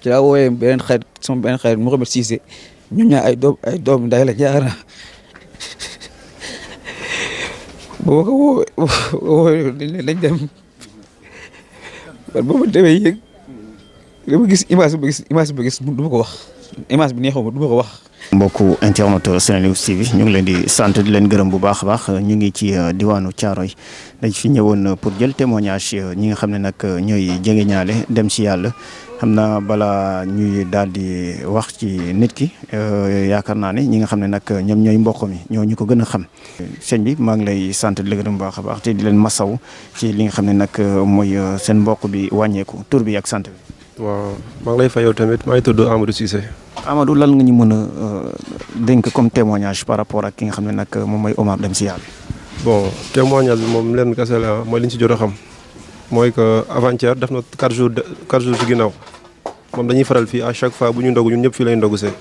ci laa wooyee beneen xarit sama beneen xarit Mouhamed Cissé ñun ñaa ay doom ay doom nday la jaar na boo ko woo dañ dem man boo ma gis image ba gis image ba gis du ma ko wax. image bi neexuma du ma ko wax. mbokku internet Senenews TV ñu ngi leen di sant di leen gërëm bu baax a baax ñu ngi ci euh, diwaanu Thiaroye dañ fi ñëwoon euh, pour jël témoignage euh, ñi nga xam ne nag ñooy jege ñaale dem si yàlla xam naa balaa ñuy daal di wax ci nit ki yaakaar naa ne ñi nga xam ne nag ñoom ñooy mbokk mi ñoo ñu ko gën a xam. sëñ bi maa ngi lay sant di la gërëm bu baax a baax te di leen masaw ci li nga xam ne nag mooy seen mbokk bi wàññeeku tur bi ak sant bi. waaw maa ngi lay fayoo tamit maa ngi tudd Amadou Cissé. Amadou lan nga ñu mën a euh, dénk comme témoignage par rapport ak ki nga xam ne nag moom mooy Omar Deme si yàlla. bon témoignage bi moom leen kese la mooy li ñu a xam mooy que avant def na quatre jours quatre jours si ginnaaw moom dañuy faral fii à chaque fois bu ñu ndogu ñun ñëpp fii lay ndogu see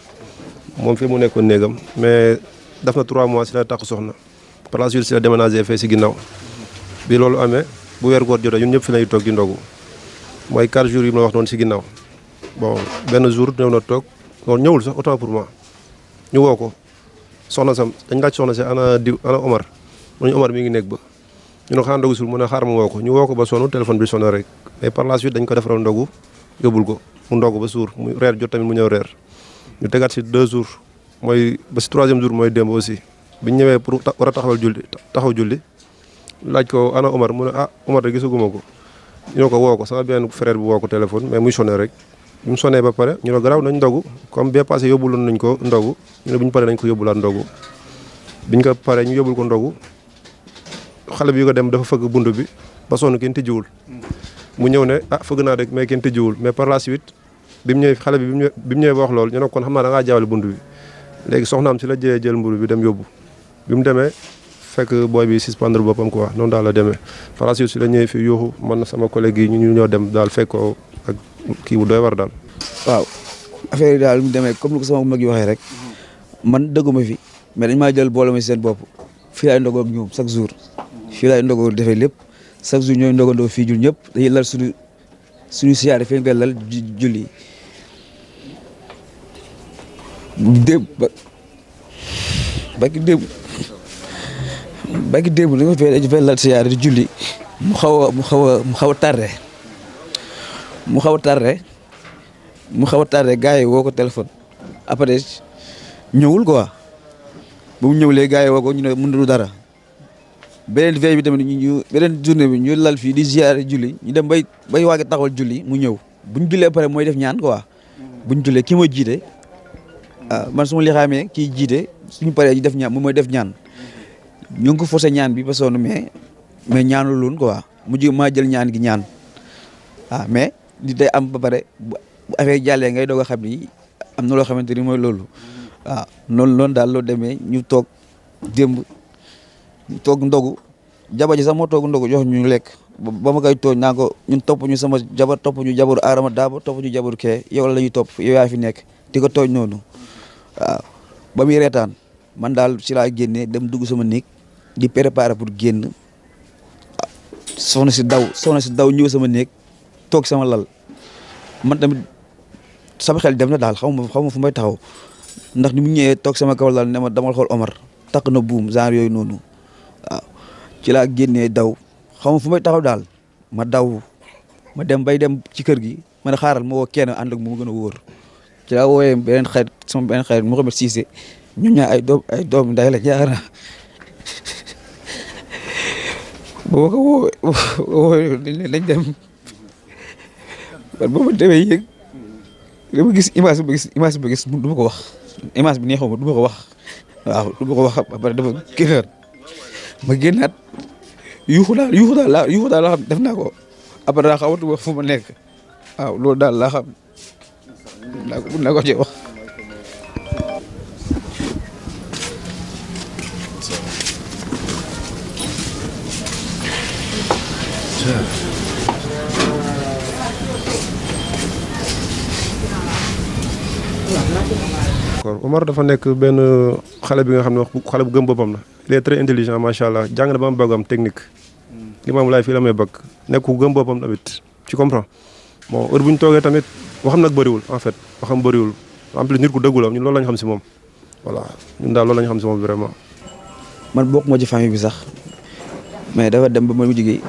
moom fii mu nekkoon néegam mais def na trois mois si la takk soxna par la suite si la déménagé fee si ginnaaw bi loolu amee bu weer koor jotee ñun ñëpp fi lay toog di ndogu mooy quatre jour yi ma wax noonu si ginnaw bon benn jour ñëw na toog. loolu ñewul sax autant pour moi ñu woko ko soxna sam dañ laaj soxna ci ana diw ana Omar mu ñu Omar mi ngi nekk ba ñu no xanaa ndogu sul mu na xaar mu woko ñu woko ba sonu téléphone bi sonné rek mais par la suite dañ ko defal ndogu yobul ko mu ndogu ba sour mu reer jot tamit mu ñew reer ñu tegat ci 2 jours moy ba ci 3e jour moy démb aussi biñ ñewé pour wara taxawal julli taxaw julli laaj ko ana Omar mu na ah Omar da gisaguma ko ñoo ko sama ben frère bi woko ko téléphone mais muy sonné rek bi mu sonee ba pare ñu ne garaaw nañ ndogu comme bee passé yóbbuloon nañ ko ndogu ñu ne bu ñu paree nañ ko yóbbulaat ndogu biñ ko paree ñu yóbbul ko ndogu xale bi ko dem dafa fëgg bunt bi ba sonn kenn tijjiwul mu ñëw ne ah fëgg naa rek mais kenn tijjiwul mais par la suite bi mu ñëwee bi bi mu ñëwee loolu ñu ne kon xam naa da ngaa jaawale bunt bi léegi soxnaam si la jëyee jël mburu bi dem yóbbu bi mu demee fekk booy bi suspendre ko quoi noonu daal la demee par la suite si la ñëwee fii yuuxu man sama collègue yi ñu ñoo dem daal fekkoo ak kii bu dooy war daal. waaw affaire yi daal mu demee comme ni ko sama mag yi waxee rek man dëgguma fi mais dañ maa jël boole ma seen bopp fii laay ndogoo ak ñoom chaque jour. fii laay ndogoo defee lépp chaque jour ñooy doo fii jul ñëpp dañuy lal suñu suñu siyaare fii nga lal julli démb ba baki démb baki démb da nga dañu lal siyaare julli mu xaw a mu xaw a mu xaw a tardé. mu xaw a tardé mu xaw a tardé gars yi woo ko téléphone après ñëwul quoi ba mu ñëwlee gars yi woo ko ñu ne mënul dara beneen veille bi tamit ñu beneen journée bi ñu lal fii di ziare julli ñu dem bay bay waagi taxawal julli mu ñëw bu ñu jullee pare mooy def ñaan quoi bu ñu julee kii mooy jiite ah, man su ma li xamee kii jiite suñu paree ñu def ñaan moom mooy def ñaan ñu ngi ko forcé ñaan bi ba sonn mais mais ñaanul woon quoi mujj maa jël ñaan gi ñaan ah, di day am ba pare bu affaire jàllee ngay doog a xam ni am na loo xamante ni mooy loolu waaw noonu loolu daal loo demee ñu toog démb toog ndogu jabar ji sax moo toog ndogu jox ñu lekk ba ma koy tooñ ñun topp ñu sama jabar topp ñu jabaru aarama daaba topp ñu jabaru kee yow la ñuy topp yow yaa fi nekk di ko tooñ noonu waaw ba muy reetaan man daal si laa génnee dem dugg sama néeg di préparer pour génn soxna si daw soxna si daw ñëw sama néeg toog sama lal man tamit sama xel dem na daal xaw ma xaw ma fu may taxaw ndax ni mu ñëwee toog sama kaw lal ne ma damal xool Omar takk na buum genre yooyu noonu waaw ci laa génnee daw xaw ma fu may taxaw daal ma daw ma dem bay dem ci kër gi ma ne xaaral ma woo kenn ànd ak mu gën a wóor ci laa wooyee beneen xarit sama beneen xarit Mouhamed ñu ñaa ay doom ay doom nday la jaara boo ko woo dañ dem man boo ma demee yëg dama gis image bi ma gis image ko wax image bi neexuma du ma ko wax waaw du ma wax ba pare dafa génnaat ma génnaat yuuxu daal yuuxu daal laa def naa ko après daa xawatuma fu ma nekk waaw loolu daal laa xam naa ko mun naa ko cee wax. d'accord Omar dafa nek ben xalé bi nga xamne wax xalé bu gëm bopam la il est très intelligent sha allah jang na bam bagam technique li maam lay fi lamay bëgg nek ku gëm bopam tamit tu comprends bon heure buñ togué tamit waxam nak bëriwul en fait waxam bëriwul en plus nit ku dëggu la ñun loolu lañ xam ci mom voilà ñun da loolu lañ xam ci mom vraiment. man bok mo ci famille bi sax mais dafa dem ba ma jigi gi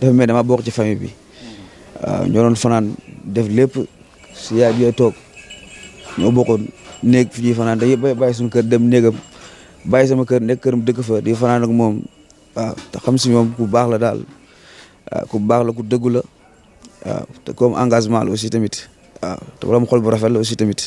dafa mais dama bok ci famille bi waaw ah, ñoo doon fanaan def lepp ci yaay bi ñoo bokkoon néeg fi ñuy fanaan dañuy bàyyi suñu kër dem néegam bàyyi sama kër nekk mu dëkk fa di fanaan ak moom waaw te xam si moom ku baax la daal ku baax la ku dëggu la waaw te comme engagement la aussi tamit waaw te borom xol bu rafet la aussi tamit